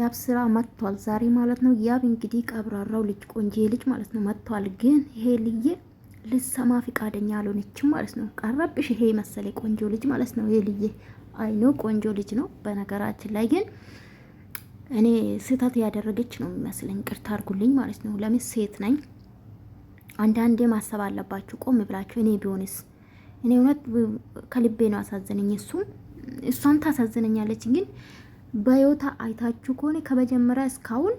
ያብ ስራ መጥቷል ዛሬ ማለት ነው። ያብ እንግዲህ ቀብራራው ልጅ ቆንጆ ልጅ ማለት ነው መጥቷል። ግን ይሄ ልዬ ልሰማ ፍቃደኛ አልሆነችም ማለት ነው። ቀረብሽ ይሄ መሰለ ቆንጆ ልጅ ማለት ነው። ይሄ ልዬ አይኖ ቆንጆ ልጅ ነው በነገራችን ላይ ግን እኔ ስህተት ያደረገች ነው የሚመስለኝ። ቅርታ አርጉልኝ ማለት ነው። ለምን ሴት ነኝ አንዳንዴ ማሰብ አለባችሁ ቆም ብላችሁ። እኔ ቢሆንስ እኔ እውነት ከልቤ ነው አሳዘነኝ። እሱም እሷን ታሳዝነኛለች ግን በዮታ አይታችሁ ከሆነ ከመጀመሪያ እስካሁን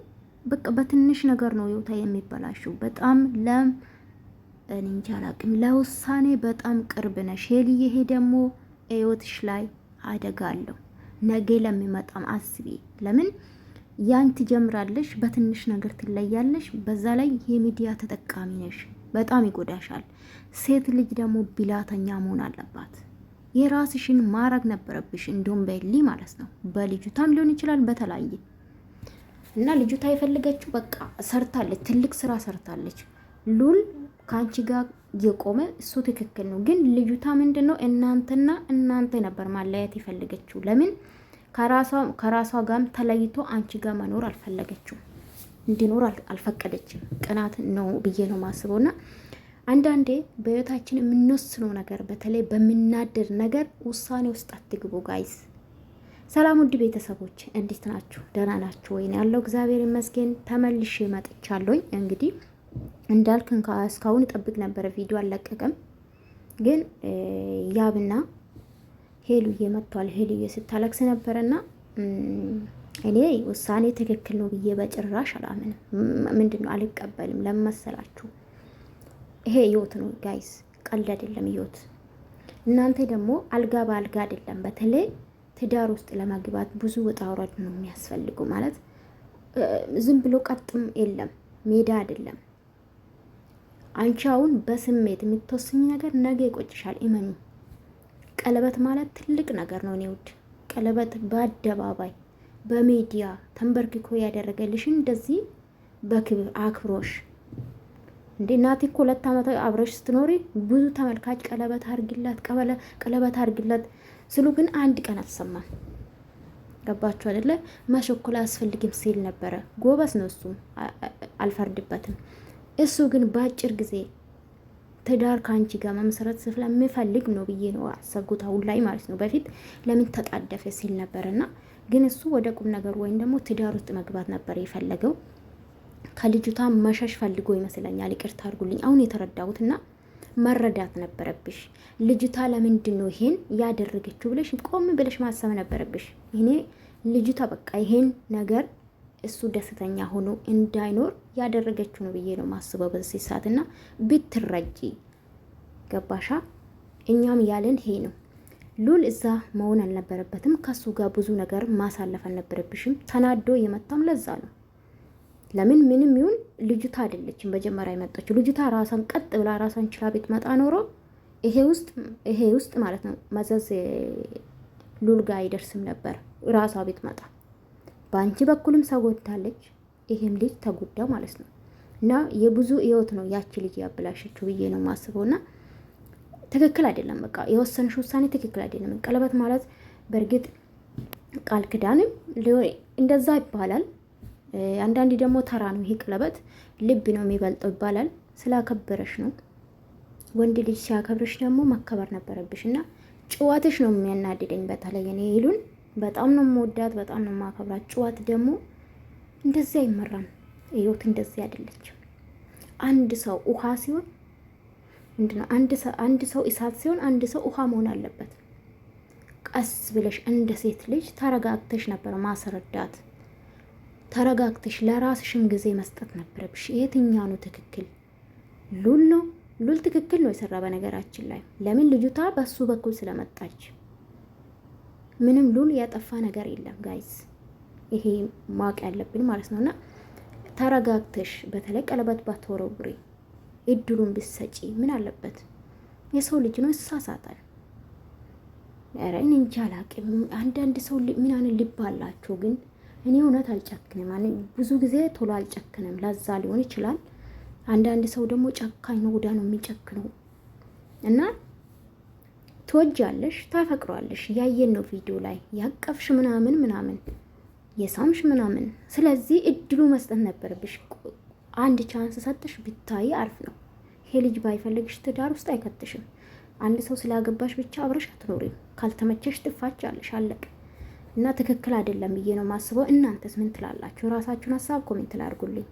በቃ በትንሽ ነገር ነው ዮታ የሚበላሽው። በጣም ለም እንጃ አላቅም። ለውሳኔ በጣም ቅርብ ነሽ ሄልዬ። ይሄ ደግሞ ህይወትሽ ላይ አደጋ አለው። ነገ ለሚመጣም አስቢ። ለምን ያን ትጀምራለሽ፣ በትንሽ ነገር ትለያለሽ። በዛ ላይ የሚዲያ ተጠቃሚ ነሽ፣ በጣም ይጎዳሻል። ሴት ልጅ ደግሞ ቢላተኛ መሆን አለባት። የራስሽን ማድረግ ነበረብሽ። እንዲሁም በሊ ማለት ነው በልጁታም ሊሆን ይችላል በተለያየ እና ልጁታ የፈለገችው በቃ ሰርታለች፣ ትልቅ ስራ ሰርታለች። ሉል ከአንቺ ጋር የቆመ እሱ ትክክል ነው። ግን ልጁታ ምንድን ነው እናንተና እናንተ ነበር ማለያየት የፈለገችው። ለምን ከራሷ ጋርም ተለይቶ አንቺ ጋር መኖር አልፈለገችው፣ እንዲኖር አልፈቀደችም። ቅናት ነው ብዬ ነው እና አንዳንዴ በህይወታችን የምንወስነው ነገር በተለይ በምናድር ነገር ውሳኔ ውስጥ አትግቡ ጋይስ። ሰላም ውድ ቤተሰቦች እንዴት ናችሁ? ደህና ናችሁ ወይ? ያለው እግዚአብሔር ይመስገን ተመልሼ መጥቻለሁኝ። እንግዲህ እንዳልክ እስካሁን ጠብቅ ነበረ፣ ቪዲዮ አልለቀቅም፣ ግን ያብና ሄሉዬ መጥቷል። ሄሉዬ ስታለቅስ ነበረና እኔ ውሳኔ ትክክል ነው ብዬ በጭራሽ አላምንም። ምንድን ነው አልቀበልም ለመሰላችሁ ይሄ ህይወት ነው ጋይስ፣ ቀልድ አይደለም ህይወት። እናንተ ደግሞ አልጋ በአልጋ አይደለም። በተለይ ትዳር ውስጥ ለመግባት ብዙ ውጣ ውረድ ነው የሚያስፈልጉ። ማለት ዝም ብሎ ቀጥም የለም ሜዳ አይደለም። አንቺ አሁን በስሜት የምትወስኝ ነገር ነገ ይቆጭሻል። እመኝ። ቀለበት ማለት ትልቅ ነገር ነው። እኔ ውድ ቀለበት በአደባባይ በሚዲያ ተንበርክኮ ያደረገልሽ እንደዚህ በክብር አክብሮሽ እንዴ እናቴ እኮ ሁለት ዓመት አብረሽ ስትኖሪ ብዙ ተመልካች ቀለበት አርግላት ቀለበት አርግላት ስሉ ግን አንድ ቀን አልሰማም። ገባችሁ አይደለ? መሸኮል አያስፈልግም ሲል ነበረ። ጎበስ ነው እሱ፣ አልፈርድበትም። እሱ ግን በአጭር ጊዜ ትዳር ከአንቺ ጋር መመስረት ስለምፈልግ ነው ብዬ ነው አሰብኩት። አሁን ላይ ማለት ነው። በፊት ለምን ተጣደፈ ሲል ነበርና፣ ግን እሱ ወደ ቁም ነገር ወይም ደግሞ ትዳር ውስጥ መግባት ነበር የፈለገው። ከልጅቷ መሸሽ ፈልጎ ይመስለኛል። ይቅርታ አድርጉልኝ፣ አሁን የተረዳሁት እና መረዳት ነበረብሽ። ልጅቷ ለምንድን ነው ይሄን ያደረገችው ብለሽ ቆም ብለሽ ማሰብ ነበረብሽ። እኔ ልጅቷ በቃ ይሄን ነገር እሱ ደስተኛ ሆኖ እንዳይኖር ያደረገችው ነው ብዬ ነው ማስበው በዚህ ሰዓት እና ብትረጂ ገባሻ? እኛም ያለን ይሄ ነው። ሉል እዛ መሆን አልነበረበትም። ከሱ ጋር ብዙ ነገር ማሳለፍ አልነበረብሽም። ተናዶ የመጣም ለዛ ነው። ለምን ምንም ይሁን ልጅቷ አይደለችም መጀመሪያ የመጣችው። ልጅቷ ራሷን ቀጥ ብላ ራሷን ችላ ቤት መጣ ኖሮ ይሄ ውስጥ ይሄ ውስጥ ማለት ነው መዘዝ ሉልጋ አይደርስም ነበር። ራሷ ቤት መጣ። በአንቺ በኩልም ሰጎታለች ይሄም ልጅ ተጎዳ ማለት ነው። እና የብዙ ህይወት ነው ያቺ ልጅ ያበላሸችው ብዬ ነው የማስበው። እና ትክክል አይደለም፣ በቃ የወሰንሽ ውሳኔ ትክክል አይደለም። ቀለበት ማለት በእርግጥ ቃል ክዳንም እንደዛ ይባላል አንዳንድ ደግሞ ተራ ነው። ይሄ ቀለበት ልብ ነው የሚበልጠው ይባላል። ስላከበረሽ ነው። ወንድ ልጅ ሲያከብርሽ ደግሞ መከበር ነበረብሽ እና ጭዋትሽ ነው የሚያናድደኝ። በተለይ እኔ ይሉን በጣም ነው የምወዳት፣ በጣም ነው የማከብራት። ጭዋት ደግሞ እንደዚህ አይመራም። ህይወት እንደዚህ አይደለችም። አንድ ሰው ውሃ ሲሆን ምንድነው አንድ ሰው እሳት ሲሆን አንድ ሰው ውሃ መሆን አለበት። ቀስ ብለሽ እንደ ሴት ልጅ ተረጋግተሽ ነበር ማስረዳት ተረጋግተሽ ለራስሽም ጊዜ መስጠት ነበረብሽ። የትኛው ነው ትክክል? ሉል ነው ሉል ትክክል ነው የሰራ በነገራችን ላይ ለምን ልጅቷ በሱ በኩል ስለመጣች ምንም ሉል ያጠፋ ነገር የለም ጋይስ ይሄ ማወቅ ያለብን ማለት ነው። እና ተረጋግተሽ በተለይ ቀለበት ባትወረውሪ እድሉን ብትሰጪ ምን አለበት? የሰው ልጅ ነው ይሳሳታል። ኧረ እኔ እንጃ አላውቅም። አንዳንድ ሰው ምን አይነት ልብ አላቸው ግን እኔ እውነት አልጨክንም። ብዙ ጊዜ ቶሎ አልጨክንም። ለዛ ሊሆን ይችላል። አንዳንድ ሰው ደግሞ ጨካኝ ነው፣ ወዳ ነው የሚጨክነው። እና ትወጃለሽ፣ ታፈቅሯለሽ። ያየን ነው ቪዲዮ ላይ ያቀፍሽ ምናምን ምናምን የሳምሽ ምናምን። ስለዚህ እድሉ መስጠት ነበረብሽ። አንድ ቻንስ ሰጥሽ ብታይ አሪፍ ነው። ይሄ ልጅ ባይፈልግሽ ትዳር ውስጥ አይከትሽም። አንድ ሰው ስላገባሽ ብቻ አብረሽ አትኖሪም። ካልተመቸሽ ጥፋች አለሽ፣ አለቅ እና ትክክል አይደለም ብዬ ነው ማስበው። እናንተስ ምን ትላላችሁ? ራሳችሁን ሀሳብ ኮሜንት ላይ አድርጉልኝ።